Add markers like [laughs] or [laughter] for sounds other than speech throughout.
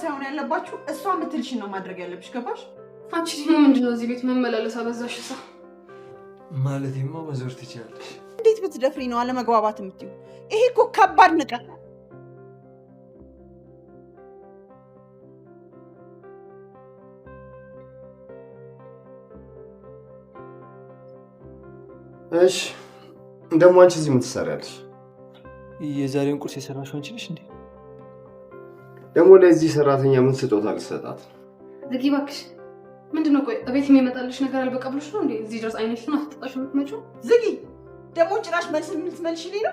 ሳይሆን ያለባችሁ እሷ የምትልሽን ነው ማድረግ ያለብሽ። ገባሽ? አንቺ ደግሞ ነው እዚህ ቤት መመላለስ አበዛሽ። እሷ ማለቴማ መዞር ትችላለሽ። እንዴት ብትደፍሪ ነው አለመግባባት የምትይው? ይሄ እኮ ከባድ ንቀት። እሺ ደግሞ አንቺ እዚህ ምን ትሰሪያለሽ? የዛሬውን ቁርስ የሰራሽው አንቺ ነሽ እንዴ? ደግሞ ለዚህ ሰራተኛ ምን ስጦታ ልሰጣት? ዝጊ እባክሽ። ምንድን ነው ቆይ፣ እቤት የሚመጣልሽ ነገር አልበቃ ብሎሽ ነው እንዴ? እዚህ ድረስ አይነሽን አስጠጣሽ የምትመጪው? ዝጊ። ደግሞ ጭራሽ መልስ የምትመልሽልኝ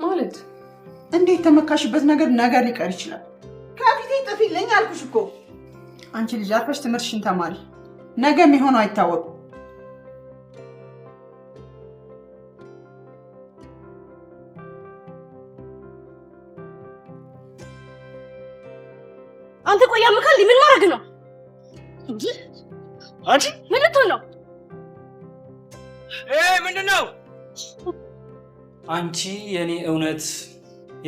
ነው ማለት እንዴት? ተመካሽበት ነገር ነገር ሊቀር ይችላል። ከፊቴ ጥፊልኝ አልኩሽ እኮ። አንቺ ልጅ አርፈሽ ትምህርትሽን ተማሪ። ነገ የሚሆነው አይታወቅም። አንቺ ምን ልትሆን ነው? ምንድን ነው? አንቺ የኔ እውነት፣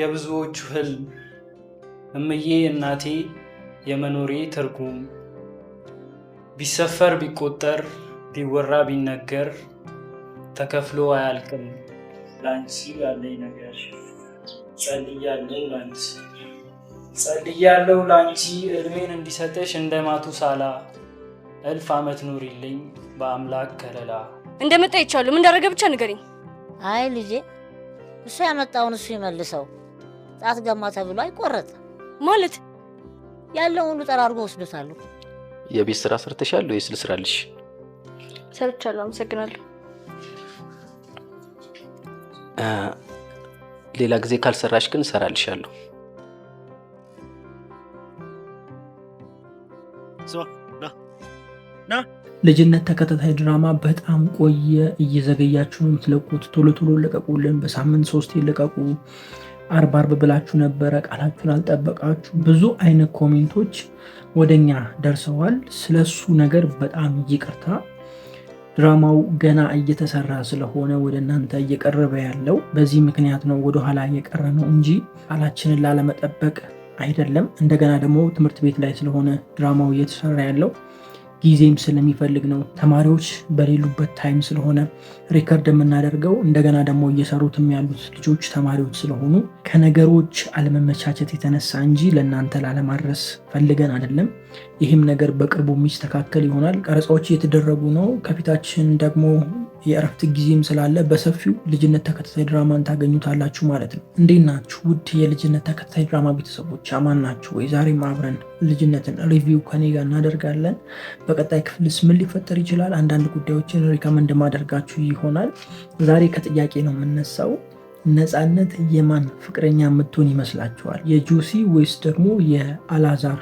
የብዙዎቹ ህልም፣ እምዬ እናቴ፣ የመኖሬ ትርጉም ቢሰፈር ቢቆጠር ቢወራ ቢነገር ተከፍሎ አያልቅም። ለአንቺ ያለኝ ነገር ጸልያለሁ ላንቺ ጸልያለሁ ላንቺ እድሜን እንዲሰጠሽ እንደ ማቱሳላ እልፍ ዓመት ኑሪልኝ በአምላክ ከለላ። እንደመጣ ይቻሉ ምን እንዳደረገ ብቻ ንገሪኝ። አይ ልጄ፣ እሱ ያመጣውን እሱ ይመልሰው። ጣት ገማ ተብሎ አይቆረጥ ማለት ያለውን ሁሉ ጠራርጎ ወስዶታሉ። የቤት ስራ ሰርተሻል ወይስ ልስራልሽ? ሰርቻለሁ፣ አመሰግናለሁ። ሌላ ጊዜ ካልሰራሽ ግን እሰራልሻለሁ። ልጅነት ተከታታይ ድራማ በጣም ቆየ። እየዘገያችሁ የምትለቁት። ቶሎ ቶሎ ለቀቁልን። በሳምንት ሶስት ይለቀቁ አርባ አርብ ብላችሁ ነበረ። ቃላችሁን አልጠበቃችሁ። ብዙ አይነት ኮሜንቶች ወደኛ ደርሰዋል። ስለሱ ነገር በጣም ይቅርታ። ድራማው ገና እየተሰራ ስለሆነ ወደ እናንተ እየቀረበ ያለው በዚህ ምክንያት ነው። ወደኋላ እየቀረ ነው እንጂ ቃላችንን ላለመጠበቅ አይደለም። እንደገና ደግሞ ትምህርት ቤት ላይ ስለሆነ ድራማው እየተሰራ ያለው ጊዜም ስለሚፈልግ ነው። ተማሪዎች በሌሉበት ታይም ስለሆነ ሪከርድ የምናደርገው። እንደገና ደግሞ እየሰሩትም ያሉት ልጆች ተማሪዎች ስለሆኑ ከነገሮች አለመመቻቸት የተነሳ እንጂ ለእናንተ ላለማድረስ ፈልገን አይደለም። ይህም ነገር በቅርቡ የሚስተካከል ይሆናል። ቀረጻዎች እየተደረጉ ነው። ከፊታችን ደግሞ የእረፍት ጊዜም ስላለ በሰፊው ልጅነት ተከታታይ ድራማን ታገኙታላችሁ ማለት ነው። እንዴት ናችሁ ውድ የልጅነት ተከታታይ ድራማ ቤተሰቦች፣ አማን ናችሁ ወይ? ዛሬም አብረን ልጅነትን ሪቪው ከኔ ጋር እናደርጋለን። በቀጣይ ክፍልስ ምን ሊፈጠር ይችላል? አንዳንድ ጉዳዮችን ሪከመንድ ማደርጋችሁ ይሆናል። ዛሬ ከጥያቄ ነው የምነሳው ነፃነት የማን ፍቅረኛ የምትሆን ይመስላችኋል? የጆሲ ወይስ ደግሞ የአላዛር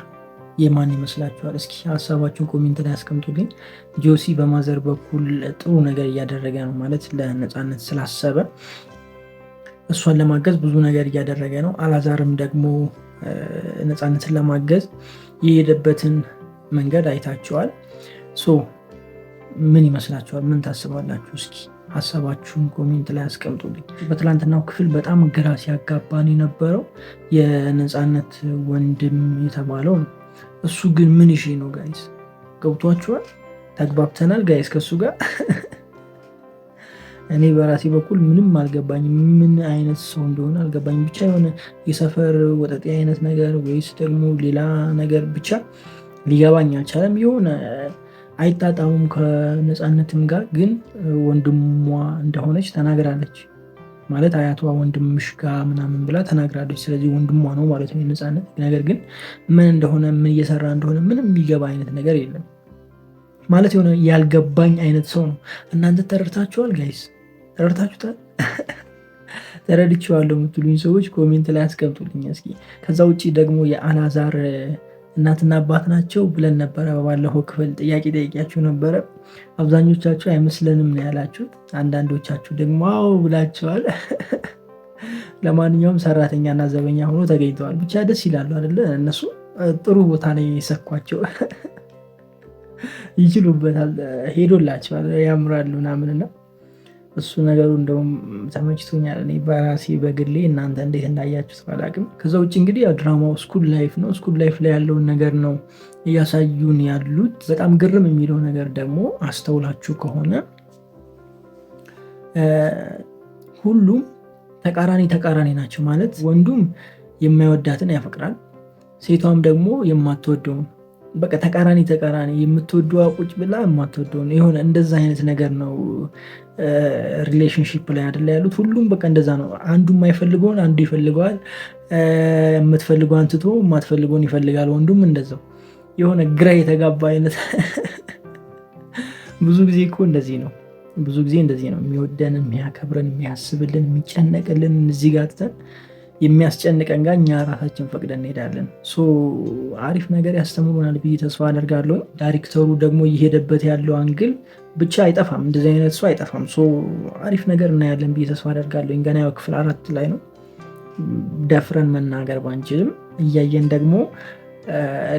የማን ይመስላችኋል? እስኪ ሀሳባችሁን ኮሜንት ላይ ያስቀምጡልኝ። ጆሲ በማዘር በኩል ጥሩ ነገር እያደረገ ነው ማለት ለነፃነት ስላሰበ እሷን ለማገዝ ብዙ ነገር እያደረገ ነው። አላዛርም ደግሞ ነፃነትን ለማገዝ የሄደበትን መንገድ አይታችኋል። ሶ ምን ይመስላችኋል? ምን ታስባላችሁ? እስኪ ሀሳባችሁን ኮሜንት ላይ አስቀምጡልኝ። በትላንትናው ክፍል በጣም ግራ ሲያጋባን የነበረው የነፃነት ወንድም የተባለው ነው። እሱ ግን ምን ይሽ ነው ጋይስ? ገብቷችኋል? ተግባብተናል ጋይስ ከእሱ ጋር [laughs] እኔ በራሴ በኩል ምንም አልገባኝም። ምን አይነት ሰው እንደሆነ አልገባኝም። ብቻ የሆነ የሰፈር ወጠጤ አይነት ነገር ወይስ ደግሞ ሌላ ነገር ብቻ ሊገባኝ አልቻለም የሆነ አይጣጣሙም ከነፃነትም ጋር ግን ወንድሟ እንደሆነች ተናግራለች። ማለት አያቷ ወንድምሽ ጋር ምናምን ብላ ተናግራለች። ስለዚህ ወንድሟ ነው ማለት ነው የነፃነት። ነገር ግን ምን እንደሆነ ምን እየሰራ እንደሆነ ምንም የሚገባ አይነት ነገር የለም። ማለት የሆነ ያልገባኝ አይነት ሰው ነው። እናንተ ተረድታችኋል ጋይስ? ተረድታችሁታል? [laughs] ተረድችዋለሁ የምትሉኝ ሰዎች ኮሜንት ላይ አስቀምጡልኝ እስኪ። ከዛ ውጭ ደግሞ የአላዛር እናትና አባት ናቸው ብለን ነበረ። በባለፈው ክፍል ጥያቄ ጠይቂያችሁ ነበረ። አብዛኞቻችሁ አይመስለንም ነው ያላችሁት። አንዳንዶቻችሁ ደግሞ አዎ ብላችኋል። [laughs] ለማንኛውም ሰራተኛና ዘበኛ ሆኖ ተገኝተዋል። ብቻ ደስ ይላሉ አይደለ? እነሱ ጥሩ ቦታ ነው የሰኳቸው። [laughs] ይችሉበታል፣ ሄዶላቸዋል፣ ያምራሉ ምናምንና እሱ ነገሩ እንደውም ተመችቶኛል። እኔ በራሴ በግሌ እናንተ እንዴት እንዳያችሁት አላውቅም። ከዛ ውጭ እንግዲህ ድራማው ስኩል ላይፍ ነው። ስኩል ላይፍ ላይ ያለውን ነገር ነው እያሳዩን ያሉት። በጣም ግርም የሚለው ነገር ደግሞ አስተውላችሁ ከሆነ ሁሉም ተቃራኒ ተቃራኒ ናቸው ማለት ወንዱም የማይወዳትን ያፈቅራል፣ ሴቷም ደግሞ የማትወደውን በቃ ተቃራኒ ተቃራኒ የምትወዱ ቁጭ ብላ የማትወደው የሆነ እንደዛ አይነት ነገር ነው። ሪሌሽንሽፕ ላይ አይደለ ያሉት ሁሉም በቃ እንደዛ ነው። አንዱ የማይፈልገውን አንዱ ይፈልገዋል። የምትፈልገው አንትቶ የማትፈልገውን ይፈልጋል። ወንዱም እንደዛው የሆነ ግራ የተጋባ አይነት [laughs] ብዙ ጊዜ እኮ እንደዚህ ነው። ብዙ ጊዜ እንደዚህ ነው። የሚወደን የሚያከብረን፣ የሚያስብልን፣ የሚጨነቅልን እዚህ ጋር ትተን የሚያስጨንቀን ጋር እኛ ራሳችን ፈቅደን እንሄዳለን። አሪፍ ነገር ያስተምሩናል ብዬ ተስፋ አደርጋለሁ። ዳይሬክተሩ ደግሞ እየሄደበት ያለው አንግል ብቻ አይጠፋም፣ እንደዚህ አይነት ሰው አይጠፋም። አሪፍ ነገር እናያለን ብዬ ተስፋ አደርጋለሁ። ገና ያው ክፍል አራት ላይ ነው ደፍረን መናገር ባንችልም እያየን ደግሞ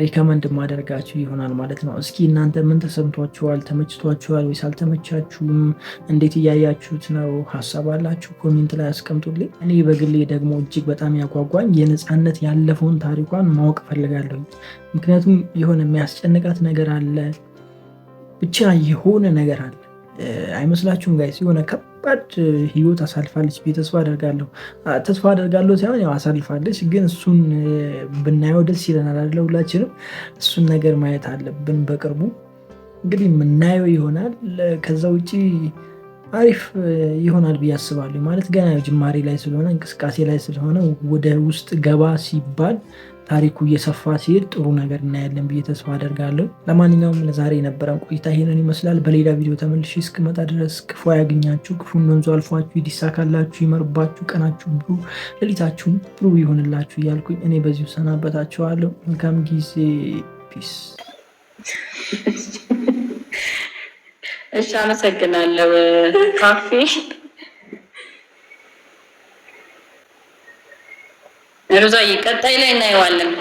ሪከመንድ ማደርጋችሁ ይሆናል ማለት ነው። እስኪ እናንተ ምን ተሰምቷችኋል? ተመችቷችኋል ወይስ አልተመቻችሁም? እንዴት እያያችሁት ነው? ሀሳብ አላችሁ ኮሜንት ላይ አስቀምጡልኝ። እኔ በግሌ ደግሞ እጅግ በጣም ያጓጓኝ የነፃነት ያለፈውን ታሪኳን ማወቅ ፈልጋለሁ። ምክንያቱም የሆነ የሚያስጨንቃት ነገር አለ፣ ብቻ የሆነ ነገር አለ። አይመስላችሁም ጋይስ? የሆነ ከብ ከባድ ህይወት አሳልፋለች ተስፋ አደርጋለሁ። ተስፋ አደርጋለሁ ሳይሆን ያው አሳልፋለች፣ ግን እሱን ብናየው ደስ ይለናል አይደለ? ሁላችንም እሱን ነገር ማየት አለብን። በቅርቡ እንግዲህ የምናየው ይሆናል። ከዛ ውጭ አሪፍ ይሆናል ብዬ አስባለሁ። ማለት ገና ጅማሬ ላይ ስለሆነ እንቅስቃሴ ላይ ስለሆነ ወደ ውስጥ ገባ ሲባል ታሪኩ እየሰፋ ሲሄድ ጥሩ ነገር እናያለን ብዬ ተስፋ አደርጋለሁ። ለማንኛውም ለዛሬ የነበረን ቆይታ ይሄንን ይመስላል። በሌላ ቪዲዮ ተመልሼ እስክመጣ ድረስ ክፉ ያገኛችሁ፣ ክፉን ወንዙ አልፏችሁ ይዲሳካላችሁ፣ ይመርባችሁ፣ ቀናችሁ ብሩ፣ ሌሊታችሁም ብሩ ይሆንላችሁ እያልኩኝ እኔ በዚሁ ሰናበታችኋለሁ። መልካም ጊዜ። ፒስ። እሺ፣ አመሰግናለሁ ካፌ ሮዛዬ ቀጣይ ላይ እናየዋለን።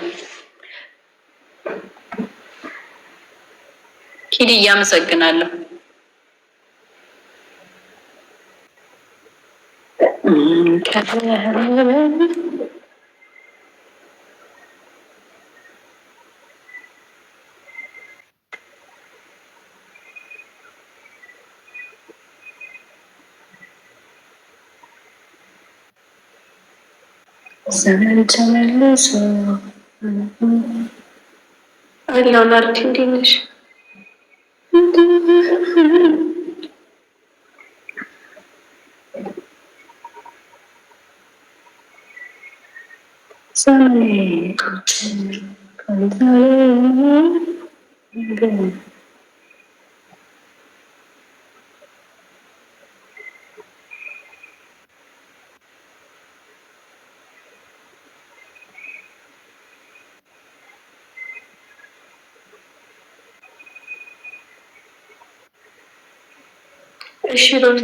ኪድ እያመሰግናለሁ። ዘመን ተመልሶ አላው ናርዲ እንዴት ነሽ? ዘመኔ እሺ ሮዚ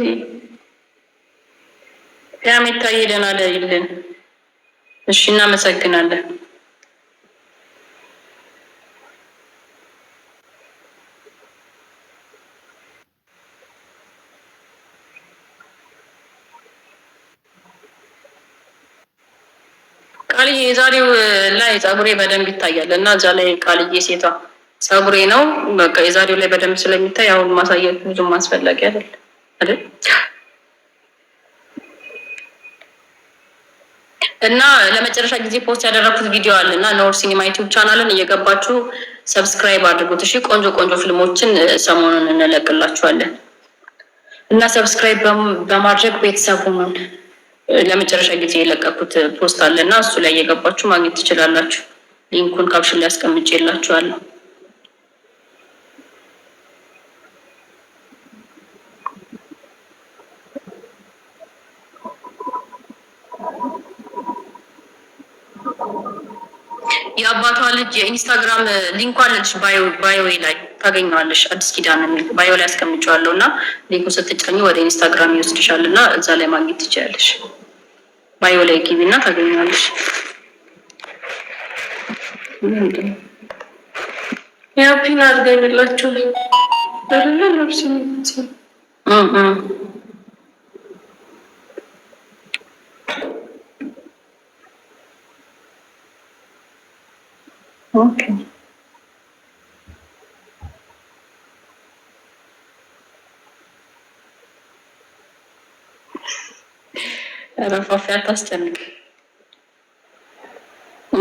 ያም ይታየልን አለ ይልን። እሺ እናመሰግናለን። ቃልዬ የዛሬው ላይ ፀጉሬ በደንብ ይታያል እና እዛ ላይ ቃልዬ ሴቷ ፀጉሬ ነው በቃ የዛሬው ላይ በደንብ ስለሚታይ አሁን ማሳየት ብዙም አስፈላጊ አይደለም። እና ለመጨረሻ ጊዜ ፖስት ያደረኩት ቪዲዮ አለ እና ኖር ሲኒማ ዩቲዩብ ቻናልን እየገባችሁ ሰብስክራይብ አድርጉት። እሺ ቆንጆ ቆንጆ ፊልሞችን ሰሞኑን እንለቅላችኋለን እና ሰብስክራይብ በማድረግ ቤተሰብ ሁኑን። ለመጨረሻ ጊዜ የለቀኩት ፖስት አለ እና እሱ ላይ እየገባችሁ ማግኘት ትችላላችሁ። ሊንኩን ካፕሽን ላይ አስቀምጬላችኋለሁ። የአባቷ ልጅ የኢንስታግራም ሊንኩ አለች ባዮ ላይ ታገኘዋለሽ። አዲስ ኪዳን የሚል ባዮ ላይ አስቀምጨዋለሁ እና ሊንኩ ስትጫኙ ወደ ኢንስታግራም ይወስድሻል እና እዛ ላይ ማግኘት ትችላለሽ። ባዮ ላይ ጊቢ እና ታገኘዋለሽ። ያፒን ፒን አድርገኝላችሁ አይደለ ነብስ ኦኬ ረፋፊ አታስጨንቅ።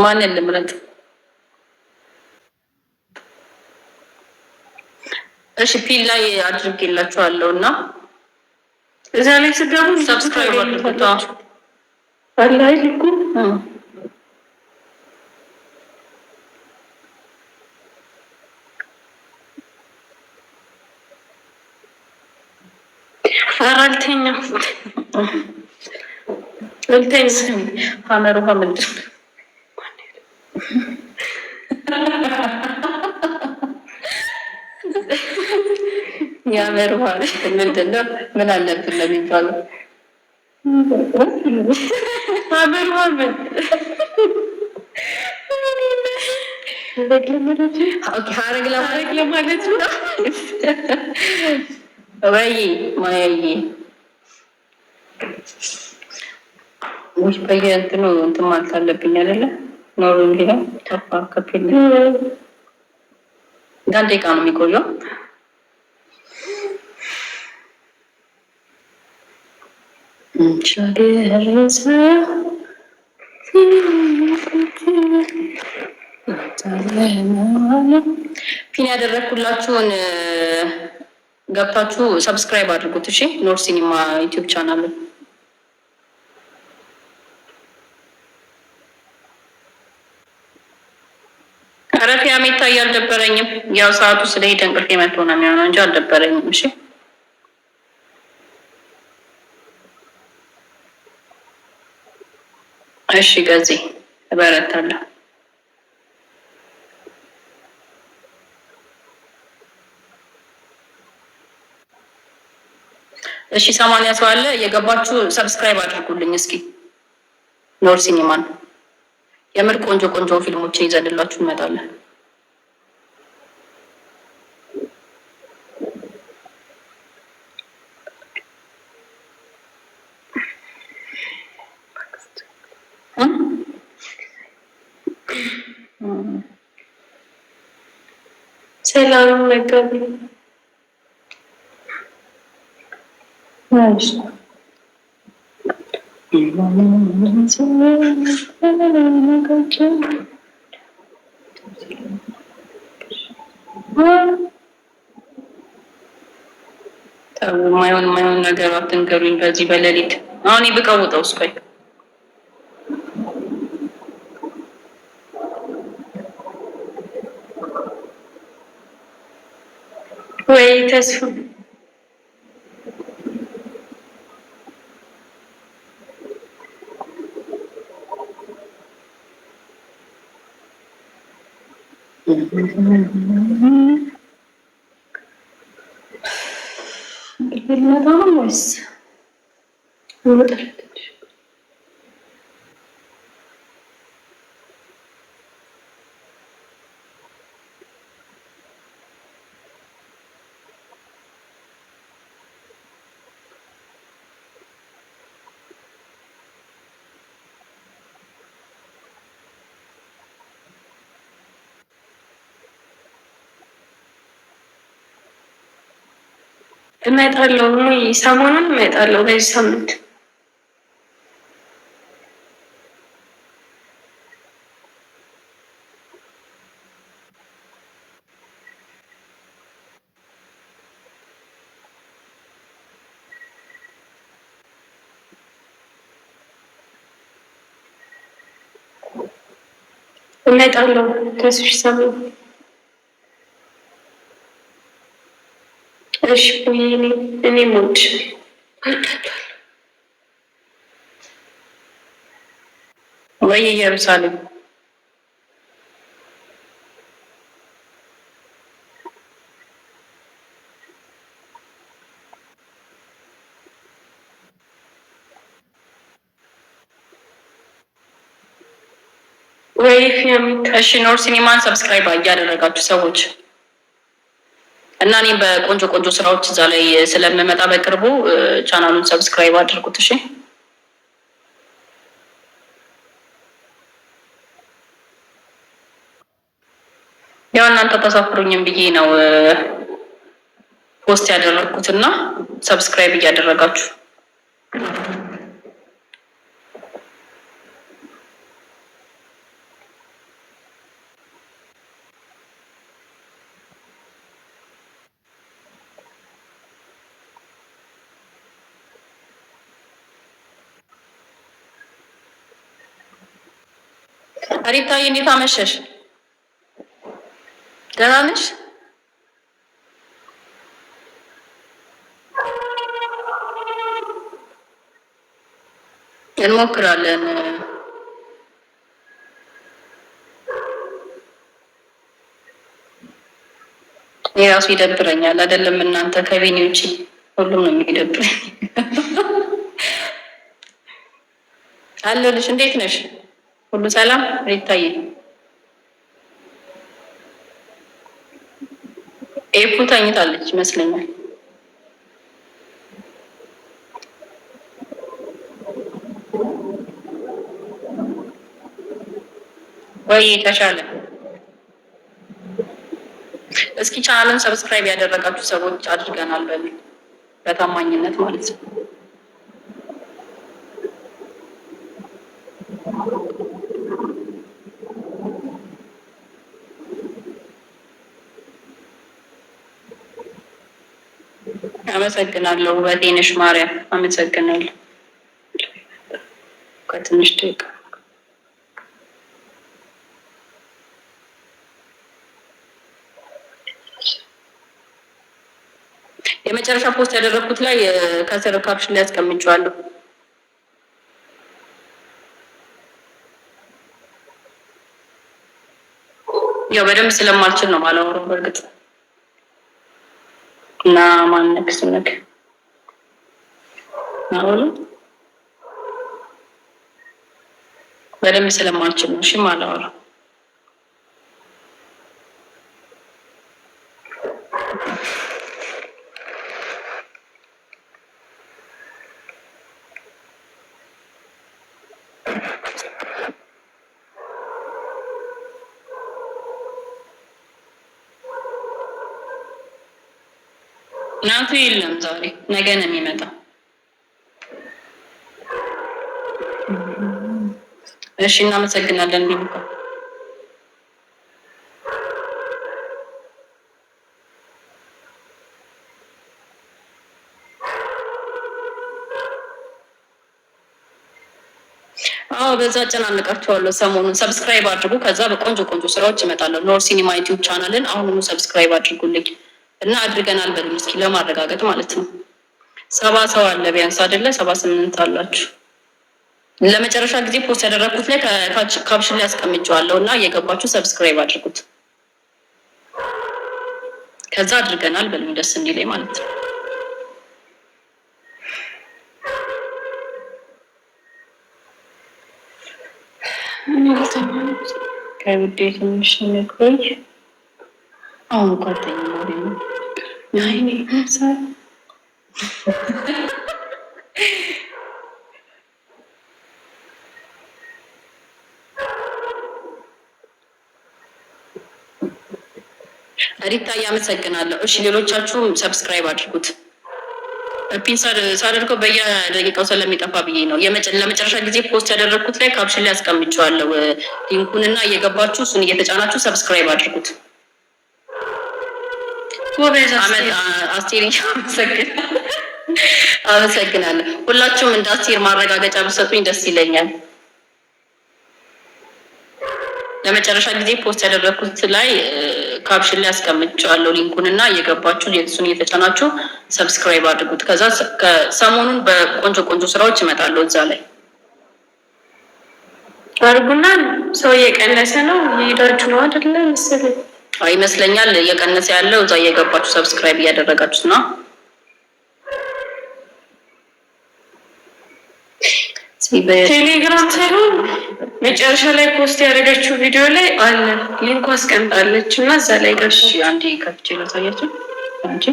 ማን ልምረጥ? እሺ ፒል ላይ አድርጌላችኋለሁ እና እዚያ ላይ ስገቡ ሰብስክራይብ አድርጉት። እንቴንስ ሀመር ውሃ ምንድን የሀመር ውሃ ምንድን ነው? ምን አለብን ነው የሚባለው? ሀመር ውሃ ምን ሀረግ ለማለት ነው ወይ ማያዬ ውስጥ በየእንትኑ እንትን ማለት አለብኝ አይደለ? ኖሩ ሌላው ተፋ ከፊል አንድ ደቂቃ ነው የሚቆየው። ፒን ያደረግኩላችሁን ገብታችሁ ሰብስክራይብ አድርጉት። እሺ ኖር ሲኒማ ዩቲዩብ ቻናልን ራይ አልደበረኝም። ያው ሰዓቱ ስለሄደ እንቅልፍ የመቶ ነው የሚሆነው እንጂ አልደበረኝም። እሺ እሺ፣ ገዚህ እበረታለሁ። እሺ፣ ሰማንያ ሰው አለ። የገባችሁ ሰብስክራይብ አድርጉልኝ እስኪ ኖር ሲኒማን የምር ቆንጆ ቆንጆ ፊልሞችን ይዘንላችሁ እንመጣለን። ሰላም መጋቢ ማይሆን ማይሆን ነገር አትንገሩኝ። በዚህ በሌሊት አሁን ብቀውጠው እስኳይ greatest Birbirine dalmış. Burada. እመጣለሁ ሰሞኑን እመጣለሁ። በዚህ ሳምንት እመጣለሁ። ከሱሽ ሰሞኑን አይዞሽ እኔ ሞድ ወዳቸዋለሁ። ወይ ኢየሩሳሌም ወይ ፊልም እሺ። ኖር ሲኒማን ሰብስክራይብ እያደረጋችሁ ሰዎች እና እኔም በቆንጆ ቆንጆ ስራዎች እዛ ላይ ስለምመጣ በቅርቡ ቻናሉን ሰብስክራይብ አድርጉት። እሺ ያው እናንተ ተሳፍሩኝም ብዬ ነው ፖስት ያደረግኩት እና ሰብስክራይብ እያደረጋችሁ ሪታዬ እንዴት አመሸሽ? ደህና ነሽ? እንሞክራለን። የራሱ ይደብረኛል። አይደለም እናንተ ከቤኔ ውጭ ሁሉም ነው የሚደብረኝ። አለሁልሽ። እንዴት ነሽ? ሁሉ ሰላም ይታይ ኤፉ ተኝታለች ይመስለኛል። ወይ ተሻለ እስኪ ቻናሉን ሰብስክራይብ ያደረጋችሁ ሰዎች አድርገናል በሚል በታማኝነት ማለት ነው። አመሰግናለሁ። ውበቴ ማርያም። አመሰግናለሁ። ከትንሽ ደቂቃ የመጨረሻ ፖስት ያደረኩት ላይ ከስር ካፕሽን ላይ አስቀምጫለሁ። ያው በደንብ ስለማልችል ነው ነው። በእርግጥ እና ማነክ ስምክ አሁን በደንብ ስለማልችል ነው። እሺ አላወራም ናቱ የለም ዛሬ፣ ነገ ነው የሚመጣው። እሺ፣ እናመሰግናለን። ቢቡካ አዎ፣ በዛ አጨናንቃቸዋለሁ። ሰሞኑን ሰብስክራይብ አድርጉ። ከዛ በቆንጆ ቆንጆ ስራዎች ይመጣለሁ። ኖር ሲኒማ ዩቲዩብ ቻናልን አሁኑኑ ሰብስክራይብ አድርጉልኝ። እና አድርገናል በሉ እስኪ ለማረጋገጥ ማለት ነው። ሰባ ሰው አለ ቢያንስ አይደለ? ሰባ ስምንት አላችሁ። ለመጨረሻ ጊዜ ፖስት ያደረግኩት ላይ ካፕሽን ላይ አስቀምጨዋለሁ እና እየገባችሁ ሰብስክራይብ አድርጉት። ከዛ አድርገናል በሉ ደስ እንዲለኝ ማለት ነው። ከውዴ ትንሽ ንቆይ አሁን ጓደኛ ሪታ እያመሰግናለሁ። እሺ ሌሎቻችሁም ሰብስክራይብ አድርጉት። ፒን ሳደርገው በየደቂቃው ስለሚጠፋ ብዬ ነው። ለመጨረሻ ጊዜ ፖስት ያደረግኩት ላይ ካፕሽን ላይ አስቀምጫዋለሁ ሊንኩን እና እየገባችሁ እሱን እየተጫናችሁ ሰብስክራይብ አድርጉት። አስቴር አመሰግናለሁ። ሁላችሁም እንደ አስቴር ማረጋገጫ ብሰጡኝ ደስ ይለኛል። ለመጨረሻ ጊዜ ፖስት ያደረግኩት ላይ ካፕሽን ላይ አስቀምጫለሁ ሊንኩን እና እየገባችሁ ሌሱን እየተጫናችሁ ሰብስክራይብ አድርጉት። ከዛ ሰሞኑን በቆንጆ ቆንጆ ስራዎች እመጣለሁ እዛ ላይ አርጉና ሰው እየቀነሰ ነው። ይሄዳችሁ ነው አይደለ መሰለኝ ይመስለኛል እየቀነሰ ያለው እዛ እየገባችሁ ሰብስክራይብ እያደረጋችሁ ነው። ቴሌግራም ሳይሆን መጨረሻ ላይ ፖስት ያደረገችው ቪዲዮ ላይ አለ ሊንኩ አስቀምጣለች እና እዛ ላይ ጋሽ አንዴ ከፍቼ ላሳያችሁ እንጂ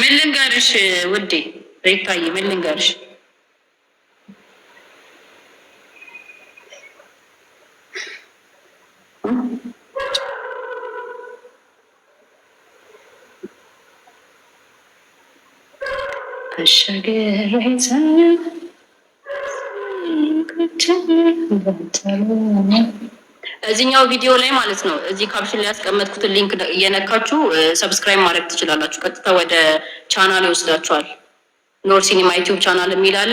ምን ልንገርሽ ውዴ ሬታዬ ምን ልንገርሽ፣ እዚህኛው ቪዲዮ ላይ ማለት ነው። እዚህ ካፕሽን ላይ ያስቀመጥኩትን ሊንክ እየነካችሁ ሰብስክራይብ ማድረግ ትችላላችሁ። ቀጥታ ወደ ቻናል ይወስዳችኋል። ኖር ሲኒማ ዩቲዩብ ቻናል የሚል አለ።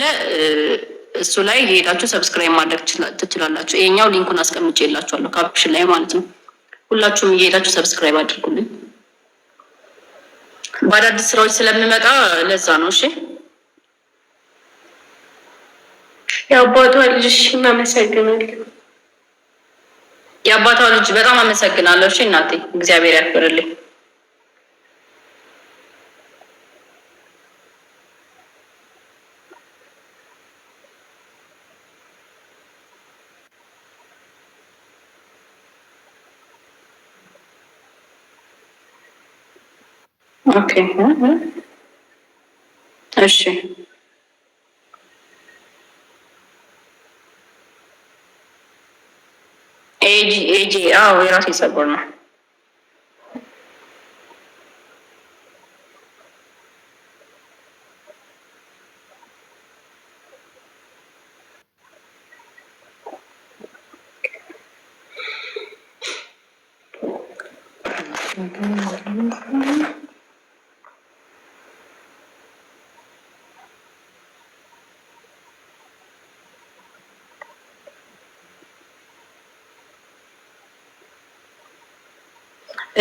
እሱ ላይ የሄዳችሁ ሰብስክራይብ ማድረግ ትችላላችሁ። ይሄኛው ሊንኩን አስቀምጬ የላችኋለሁ ካፕሽን ላይ ማለት ነው። ሁላችሁም እየሄዳችሁ ሰብስክራይብ አድርጉልኝ። በአዳዲስ ስራዎች ስለምመጣ ለዛ ነው። እሺ የአባቷ ልጅ እናመሰግናለሁ። የአባቷ ልጅ በጣም አመሰግናለሁ። እሺ እናቴ እግዚአብሔር ያክብርልኝ። ኦኬ እሺ ኤጂ ኤጂ አዎ የራሴ ጸጉር ነው።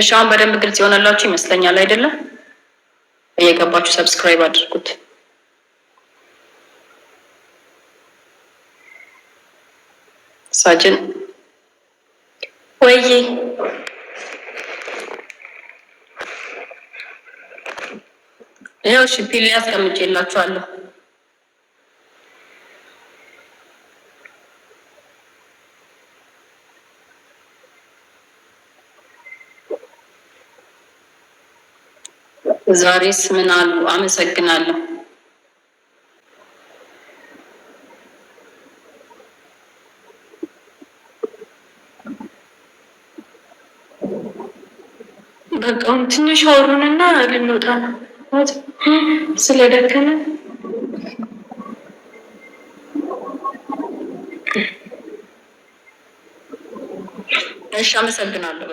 እሺ አሁን በደንብ ግልጽ የሆነላችሁ ይመስለኛል አይደለም? እየገባችሁ ሰብስክራይብ አድርጉት። ሳጅን ወይ ይኸው እሺ ፒል ያስቀምጬላችኋለሁ። ዛሬስ ምን አሉ? አመሰግናለሁ። በቃ ትንሽ አውሩንና ልንወጣ ነው ስለደከመ እሺ፣ አመሰግናለሁ።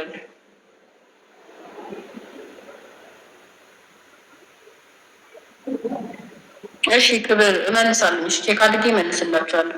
እሺ ክብር እመልሳለሁ። እሺ ኬክ አድርጌ እመልስላችኋለሁ።